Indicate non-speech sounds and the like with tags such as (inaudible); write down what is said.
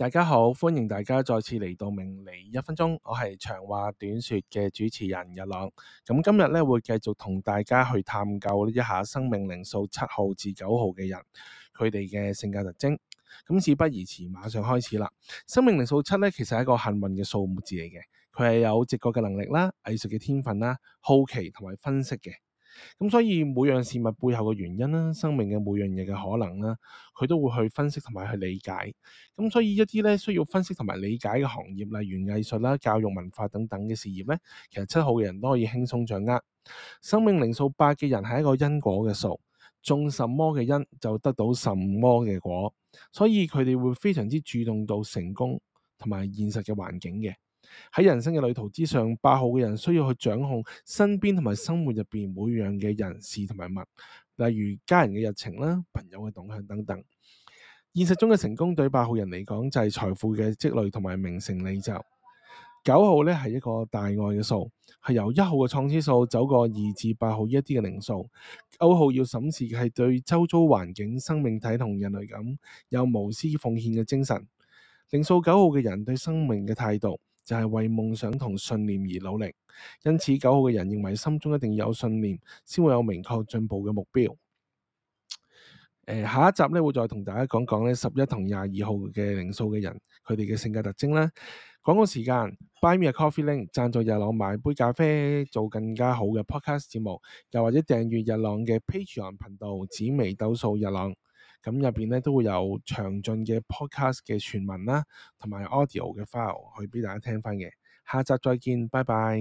大家好，歡迎大家再次嚟到命理一分鐘，我係長話短說嘅主持人日朗。咁今日咧會繼續同大家去探究一下生命靈數七號至九號嘅人，佢哋嘅性格特徵。咁事不宜遲，馬上開始啦。生命靈數七咧其實係一個幸運嘅數目字嚟嘅，佢係有直覺嘅能力啦、藝術嘅天分啦、好奇同埋分析嘅。咁所以每樣事物背後嘅原因啦，生命嘅每樣嘢嘅可能啦，佢都會去分析同埋去理解。咁所以一啲咧需要分析同埋理解嘅行業，例如藝術啦、教育、文化等等嘅事業咧，其實七號嘅人都可以輕鬆掌握。生命靈數八嘅人係一個因果嘅數，種什麼嘅因就得到什麼嘅果，所以佢哋會非常之主動到成功同埋現實嘅環境嘅。喺人生嘅旅途之上，八號嘅人需要去掌控身邊同埋生活入邊每樣嘅人事同埋物，例如家人嘅日程啦、朋友嘅動向等等。現實中嘅成功對八號人嚟講就係、是、財富嘅積累同埋名成利就。九號呢係一個大愛嘅數，係由一號嘅創始數走過二至八號一啲嘅靈數。九號要審視嘅係對周遭環境、生命體同人類咁有無私奉獻嘅精神。靈數九號嘅人對生命嘅態度。就係為夢想同信念而努力，因此九號嘅人認為心中一定要有信念，先會有明確進步嘅目標。呃，下一集咧，會再同大家講講咧十一同廿二號嘅靈數嘅人佢哋嘅性格特徵啦。廣告時間 (noise) ，Buy me a coffee link，贊助日朗買杯咖啡，做更加好嘅 podcast 節目，又或者訂閱日朗嘅 Patreon 頻道，紫微斗數日朗。咁入邊咧都會有詳盡嘅 podcast 嘅全文啦，同埋 audio 嘅 file 去俾大家聽翻嘅。下集再見，拜拜。